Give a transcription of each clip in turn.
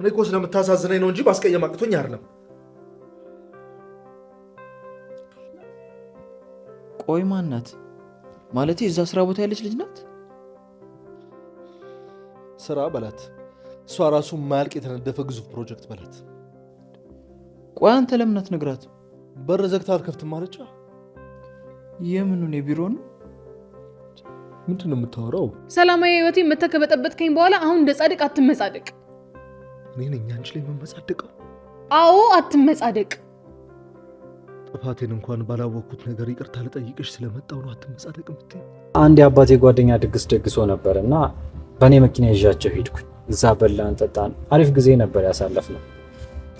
እኔ እኮ ስለምታሳዝነኝ ነው እንጂ ማስቀየም አቅቶኝ አይደለም። ቆይ ማናት? ማለት እዛ ስራ ቦታ ያለች ልጅ ናት? ስራ በላት፣ እሷ ራሱ ማያልቅ የተነደፈ ግዙፍ ፕሮጀክት በላት። ቆይ አንተ ለምን አትነግራት? በር ዘግታ አልከፍትም አለች። የምኑን የቢሮ ነው? ምንድን ነው የምታወራው? ሰላማዊ ህይወቴ ከኝ በኋላ አሁን እንደ ጻድቅ አትመጻደቅ። እኔ ነኝ አንቺ ላይ የምመጻደቀው። አዎ አትመጻደቅ። ጥፋቴን እንኳን ባላወቅኩት ነገር ይቅርታ ልጠይቅሽ ስለመጣው ነው አትመጻደቅ የምትይኝ። አንድ የአባቴ ጓደኛ ድግስ ደግሶ ነበር እና በእኔ መኪና ይዣቸው ሄድኩኝ። እዛ በላን፣ ጠጣን፣ አሪፍ ጊዜ ነበር ያሳለፍነው።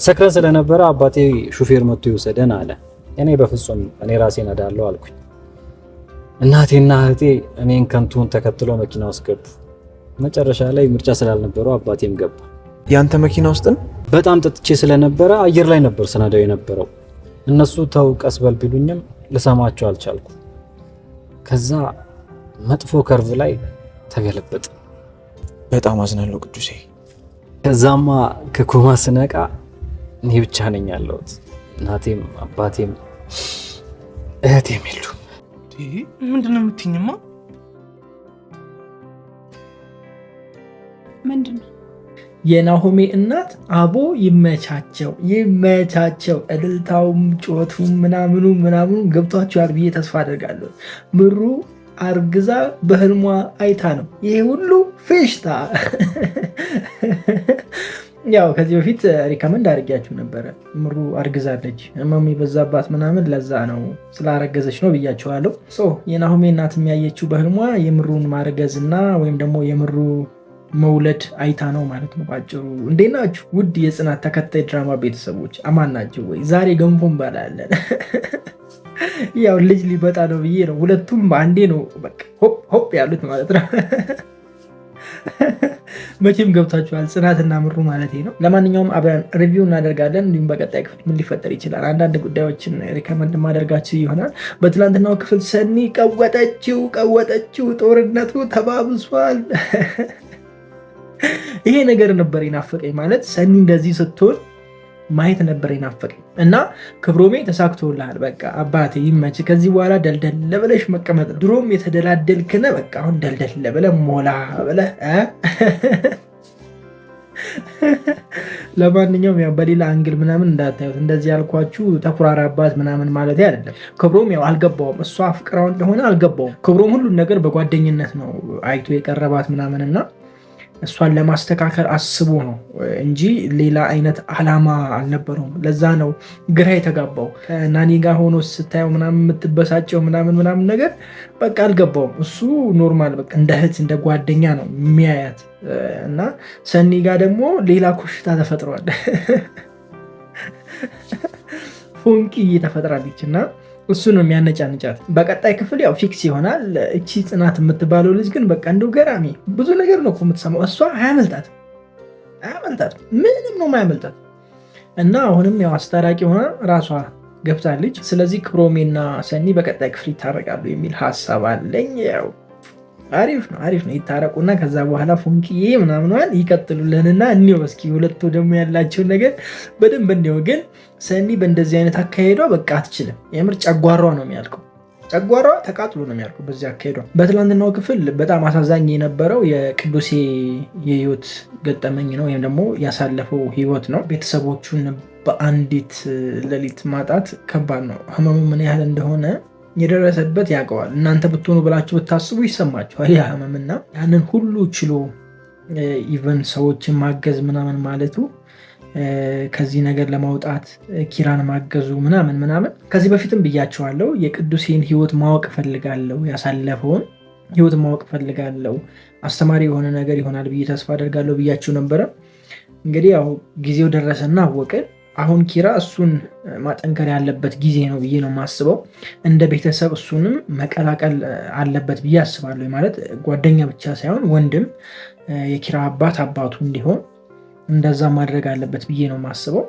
ሰክረን ስለነበረ አባቴ ሹፌር መጥቶ ይውሰደን አለ። እኔ በፍጹም እኔ ራሴ እዳለሁ አልኩኝ። እናቴና እህቴ እኔን ከንቱን ተከትሎ መኪና ውስጥ ገቡ። መጨረሻ ላይ ምርጫ ስላልነበረው አባቴም ገባ። ያንተ መኪና ውስጥን በጣም ጠጥቼ ስለነበረ አየር ላይ ነበር ስነዳው የነበረው። እነሱ ተው ቀስ በል ቢሉኝም ልሰማቸው አልቻልኩ። ከዛ መጥፎ ከርቭ ላይ ተገለበጠ። በጣም አዝናለሁ ቅዱሴ። ከዛማ ከኮማ ስነቃ እኔ ብቻ ነኝ ያለሁት። እናቴም አባቴም እህቴም የሉ። ምንድን ነው የምትይኝማ? ምንድን ነው የናሆሜ እናት አቦ ይመቻቸው ይመቻቸው፣ እልልታውም ጩኸቱም ምናምኑ ምናምኑ ገብቷቸዋል ብዬ ተስፋ አደርጋለሁ። ምሩ አርግዛ በህልሟ አይታ ነው ይሄ ሁሉ ፌሽታ። ያው ከዚህ በፊት ሪከመንድ አድርጊያችሁ ነበረ። ምሩ አርግዛለች፣ ህመም የበዛባት ምናምን፣ ለዛ ነው ስላረገዘች ነው ብያችኋለሁ። የናሆሜ እናት የሚያየችው በህልሟ የምሩን ማርገዝ እና ወይም ደግሞ የምሩ መውለድ አይታ ነው ማለት ነው ባጭሩ። እንዴት ናችሁ ውድ የጽናት ተከታይ ድራማ ቤተሰቦች፣ አማን ናቸው ወይ? ዛሬ ገንፎ እንበላለን። ያው ልጅ ሊበጣ ነው ብዬ ነው። ሁለቱም አንዴ ነው በቃ ሆፕ ያሉት ማለት ነው። መቼም ገብታችኋል። ጽናትና ምሩ ማለት ነው። ለማንኛውም አብረን ሪቪው እናደርጋለን። እንዲሁም በቀጣይ ክፍል ምን ሊፈጠር ይችላል አንዳንድ ጉዳዮችን ሪከመንድ ማደርጋችሁ ይሆናል። በትናንትናው ክፍል ሰኒ ቀወጠችው ቀወጠችው፣ ጦርነቱ ተባብሷል። ይሄ ነገር ነበር የናፈቀኝ። ማለት ሰኒ እንደዚህ ስትሆን ማየት ነበር የናፈቀኝ እና ክብሮሜ ተሳክቶልሃል። በቃ አባቴ ይመች። ከዚህ በኋላ ደልደል ብለሽ መቀመጥ ድሮም የተደላደልክነ በቃ አሁን ደልደል ብለ ሞላ ብለ ለማንኛውም ያው በሌላ አንግል ምናምን እንዳታዩት። እንደዚህ ያልኳችሁ ተኩራራ አባት ምናምን ማለት አይደለም። ክብሮም ያው አልገባውም፣ እሷ አፍቅራው እንደሆነ አልገባውም። ክብሮም ሁሉን ነገር በጓደኝነት ነው አይቶ የቀረባት ምናምን እና እሷን ለማስተካከል አስቦ ነው እንጂ ሌላ አይነት አላማ አልነበረውም። ለዛ ነው ግራ የተጋባው። ከናኒ ጋር ሆኖ ስታየው ምናምን የምትበሳጨው ምናምን ምናምን ነገር በቃ አልገባውም። እሱ ኖርማል በቃ እንደ እህት እንደ ጓደኛ ነው የሚያያት እና ሰኒ ጋር ደግሞ ሌላ ኮሽታ ተፈጥሯል። ፎንቂ እየተፈጥራለች እና እሱ ነው የሚያነጫንጫት። በቀጣይ ክፍል ያው ፊክስ ይሆናል። እቺ ጽናት የምትባለው ልጅ ግን በቃ እንደው ገራሚ ብዙ ነገር ነው የምትሰማው። እሷ አያመልጣት አያመልጣት ምንም ነው ማያመልጣት። እና አሁንም ያው አስታራቂ ሆና ራሷ ገብታለች። ስለዚህ ክብሮሜና ሰኒ በቀጣይ ክፍል ይታረቃሉ የሚል ሀሳብ አለኝ ያው አሪፍ ነው፣ አሪፍ ነው። ይታረቁና ከዛ በኋላ ፎንቅዬ ምናምኗን ይቀጥሉልንና እኒው እስኪ ሁለቱ ደግሞ ያላቸውን ነገር በደንብ እንዲው። ግን ሰኒ በእንደዚህ አይነት አካሄዷ በቃ አትችልም። የምር ጨጓሯ ነው የሚያልቀው፣ ጨጓሯ ተቃጥሎ ነው የሚያልቀው በዚህ አካሄዷ። በትላንትናው ክፍል በጣም አሳዛኝ የነበረው የቅዱሴ የህይወት ገጠመኝ ነው፣ ወይም ደግሞ ያሳለፈው ህይወት ነው። ቤተሰቦቹን በአንዲት ሌሊት ማጣት ከባድ ነው። ህመሙ ምን ያህል እንደሆነ የደረሰበት ያውቀዋል። እናንተ ብትሆኑ ብላችሁ ብታስቡ ይሰማችኋል ያ ህመምና ያንን ሁሉ ችሎ ኢቨን ሰዎችን ማገዝ ምናምን ማለቱ ከዚህ ነገር ለማውጣት ኪራን ማገዙ ምናምን ምናምን ከዚህ በፊትም ብያቸዋለሁ። የቅዱሴን ህይወት ማወቅ እፈልጋለሁ፣ ያሳለፈውን ህይወት ማወቅ እፈልጋለሁ። አስተማሪ የሆነ ነገር ይሆናል ብዬ ተስፋ አደርጋለሁ ብያቸው ነበረ። እንግዲህ ያው ጊዜው ደረሰና አወቅን። አሁን ኪራ እሱን ማጠንከር ያለበት ጊዜ ነው ብዬ ነው የማስበው። እንደ ቤተሰብ እሱንም መቀላቀል አለበት ብዬ አስባለሁ። ማለት ጓደኛ ብቻ ሳይሆን ወንድም፣ የኪራ አባት አባቱ እንዲሆን እንደዛ ማድረግ አለበት ብዬ ነው የማስበው።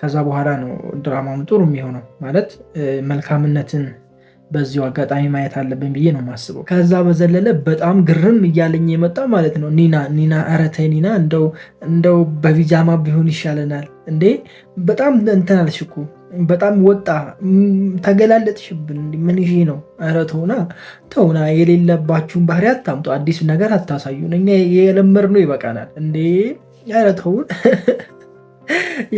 ከዛ በኋላ ነው ድራማውን ጥሩ የሚሆነው ማለት መልካምነትን በዚሁ አጋጣሚ ማየት አለብን ብዬ ነው የማስበው። ከዛ በዘለለ በጣም ግርም እያለኝ የመጣ ማለት ነው ኒና ኒና፣ ኧረ ተይ ኒና፣ እንደው እንደው በቢጃማ ቢሆን ይሻለናል እንዴ። በጣም እንትን አልሽ እኮ በጣም ወጣ ተገላለጥሽብን። ምን ይሄ ነው? ኧረ ተውና ተውና፣ የሌለባችሁን ባህሪ አታምጡ፣ አዲስ ነገር አታሳዩን። እኛ የለመድነው ይበቃናል እንዴ። ኧረ ተውን፣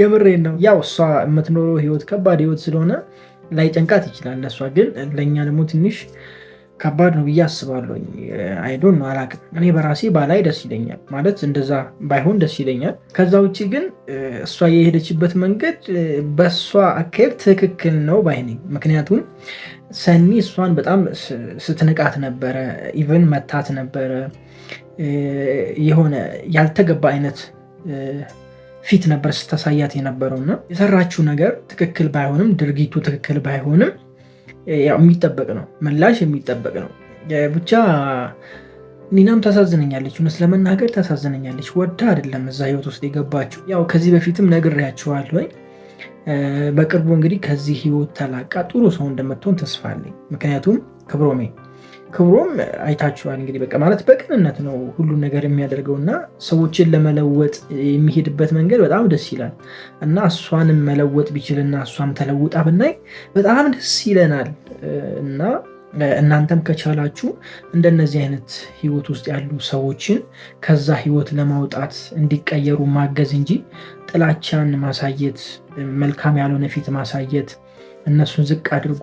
የምሬን ነው። ያው እሷ የምትኖረው ህይወት ከባድ ህይወት ስለሆነ ላይ ጨንቃት ይችላል። ለእሷ ግን ለእኛ ደግሞ ትንሽ ከባድ ነው ብዬ አስባለሁ። አይዶን አላውቅም። እኔ በራሴ ባላይ ደስ ይለኛል፣ ማለት እንደዛ ባይሆን ደስ ይለኛል። ከዛ ውጭ ግን እሷ የሄደችበት መንገድ በእሷ አካሄድ ትክክል ነው ባይነኝ። ምክንያቱም ሰኒ እሷን በጣም ስትንቃት ነበረ፣ ኢቨን መታት ነበረ፣ የሆነ ያልተገባ አይነት ፊት ነበር ስታሳያት የነበረውና የሰራችው ነገር ትክክል ባይሆንም ድርጊቱ ትክክል ባይሆንም የሚጠበቅ ነው፣ ምላሽ የሚጠበቅ ነው። ብቻ ኒናም ታሳዝነኛለች፣ እውነት ለመናገር ታሳዝነኛለች። ወዳ አይደለም እዛ ህይወት ውስጥ የገባችው። ያው ከዚህ በፊትም ወይ በቅርቡ እንግዲህ ከዚህ ህይወት ተላቃ ጥሩ ሰው እንደምትሆን ተስፋ አለኝ። ምክንያቱም ክብሮሜ ክብሮም አይታችኋል። እንግዲህ በቃ ማለት በቅንነት ነው ሁሉን ነገር የሚያደርገው እና ሰዎችን ለመለወጥ የሚሄድበት መንገድ በጣም ደስ ይላል እና እሷንም መለወጥ ቢችልና እሷም ተለውጣ ብናይ በጣም ደስ ይለናል እና እናንተም ከቻላችሁ እንደነዚህ አይነት ህይወት ውስጥ ያሉ ሰዎችን ከዛ ህይወት ለማውጣት እንዲቀየሩ ማገዝ እንጂ ጥላቻን ማሳየት፣ መልካም ያልሆነ ፊት ማሳየት እነሱን ዝቅ አድርጎ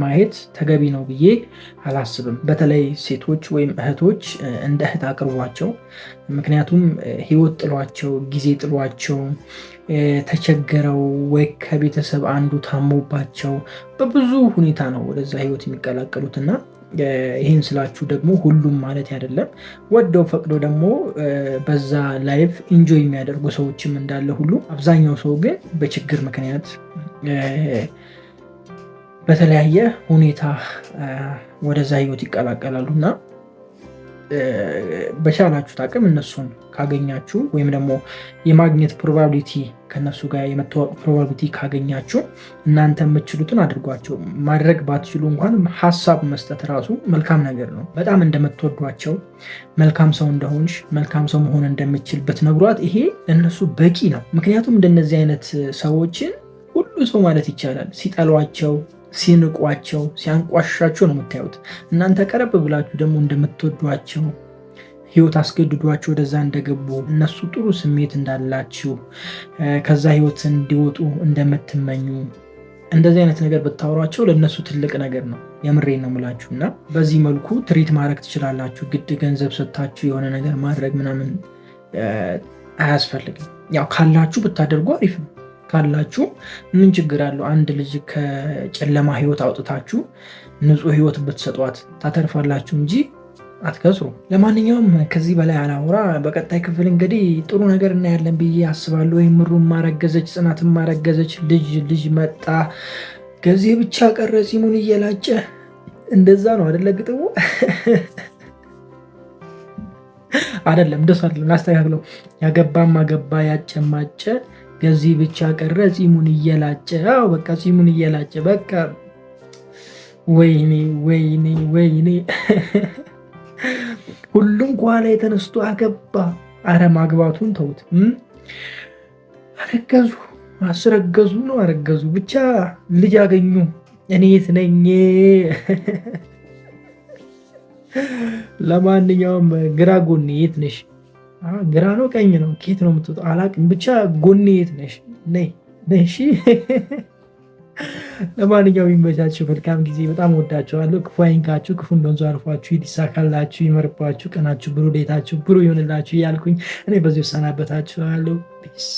ማየት ተገቢ ነው ብዬ አላስብም። በተለይ ሴቶች ወይም እህቶች እንደ እህት አቅርቧቸው። ምክንያቱም ሕይወት ጥሏቸው፣ ጊዜ ጥሏቸው፣ ተቸግረው ወይ ከቤተሰብ አንዱ ታሞባቸው በብዙ ሁኔታ ነው ወደዛ ሕይወት የሚቀላቀሉት እና ይህን ስላችሁ ደግሞ ሁሉም ማለት አይደለም። ወደው ፈቅዶ ደግሞ በዛ ላይፍ ኢንጆይ የሚያደርጉ ሰዎችም እንዳለ ሁሉ አብዛኛው ሰው ግን በችግር ምክንያት በተለያየ ሁኔታ ወደዛ ህይወት ይቀላቀላሉ እና በቻላችሁት አቅም እነሱን ካገኛችሁ ወይም ደግሞ የማግኘት ፕሮባቢሊቲ ከነሱ ጋር የመተዋወቅ ፕሮባቢሊቲ ካገኛችሁ እናንተ የምትችሉትን አድርጓቸው። ማድረግ ባትችሉ እንኳን ሀሳብ መስጠት ራሱ መልካም ነገር ነው። በጣም እንደምትወዷቸው፣ መልካም ሰው እንደሆንሽ፣ መልካም ሰው መሆን እንደምችል ብትነግሯት ይሄ ለእነሱ በቂ ነው። ምክንያቱም እንደነዚህ አይነት ሰዎችን ሁሉ ሰው ማለት ይቻላል ሲጠሏቸው ሲንቋቸው፣ ሲያንቋሻቸው ነው የምታዩት። እናንተ ቀረብ ብላችሁ ደግሞ እንደምትወዷቸው ህይወት አስገድዷቸው ወደዛ እንደገቡ እነሱ ጥሩ ስሜት እንዳላችሁ ከዛ ህይወት እንዲወጡ እንደምትመኙ እንደዚህ አይነት ነገር ብታወሯቸው ለእነሱ ትልቅ ነገር ነው። የምሬ ነው ምላችሁ እና በዚህ መልኩ ትሪት ማድረግ ትችላላችሁ። ግድ ገንዘብ ሰጥታችሁ የሆነ ነገር ማድረግ ምናምን አያስፈልግም። ያው ካላችሁ ብታደርጉ አሪፍ ነው። ካላችሁ ምን ችግር አለው? አንድ ልጅ ከጨለማ ህይወት አውጥታችሁ ንጹህ ህይወት ብትሰጧት ታተርፋላችሁ እንጂ አትከስሩ። ለማንኛውም ከዚህ በላይ አላውራ። በቀጣይ ክፍል እንግዲህ ጥሩ ነገር እናያለን ብዬ አስባለሁ። ወይም ምሩ ማረገዘች፣ ጽናት ማረገዘች፣ ልጅ ልጅ መጣ፣ ገዜ ብቻ ቀረ፣ ፂሙን እየላጨ እንደዛ ነው አደለ? ግጥሙ አደለም፣ ደስ አደለም። አስተካክለው ያገባም አገባ ያጨማጨ ከዚህ ብቻ ቀረ ፂሙን እየላጨ አዎ፣ በቃ ፂሙን እየላጨ በቃ። ወይኔ ወይኔ ወይኔ! ሁሉም ከኋላ የተነስቶ አገባ። አረ ማግባቱን ተውት። አረገዙ፣ አስረገዙ ነው አረገዙ። ብቻ ልጅ አገኙ። እኔ የት ነኝ? ለማንኛውም ግራ የት ነሽ? ግራ ነው ቀኝ ነው ኬት ነው የምትወጣው አላቅም። ብቻ ጎኔ የት ነሽ? ነይ ነሽ። ለማንኛውም ይመቻችሁ፣ መልካም ጊዜ። በጣም ወዳችኋለሁ። ክፉ አይንካችሁ፣ ክፉ እንደወንዙ አልፏችሁ፣ ይሳካላችሁ፣ ይመርባችሁ፣ ቀናችሁ ብሩ፣ ሌታችሁ ብሩ ይሆንላችሁ እያልኩኝ እኔ በዚህ ሰናበታችኋለሁ። ፒስ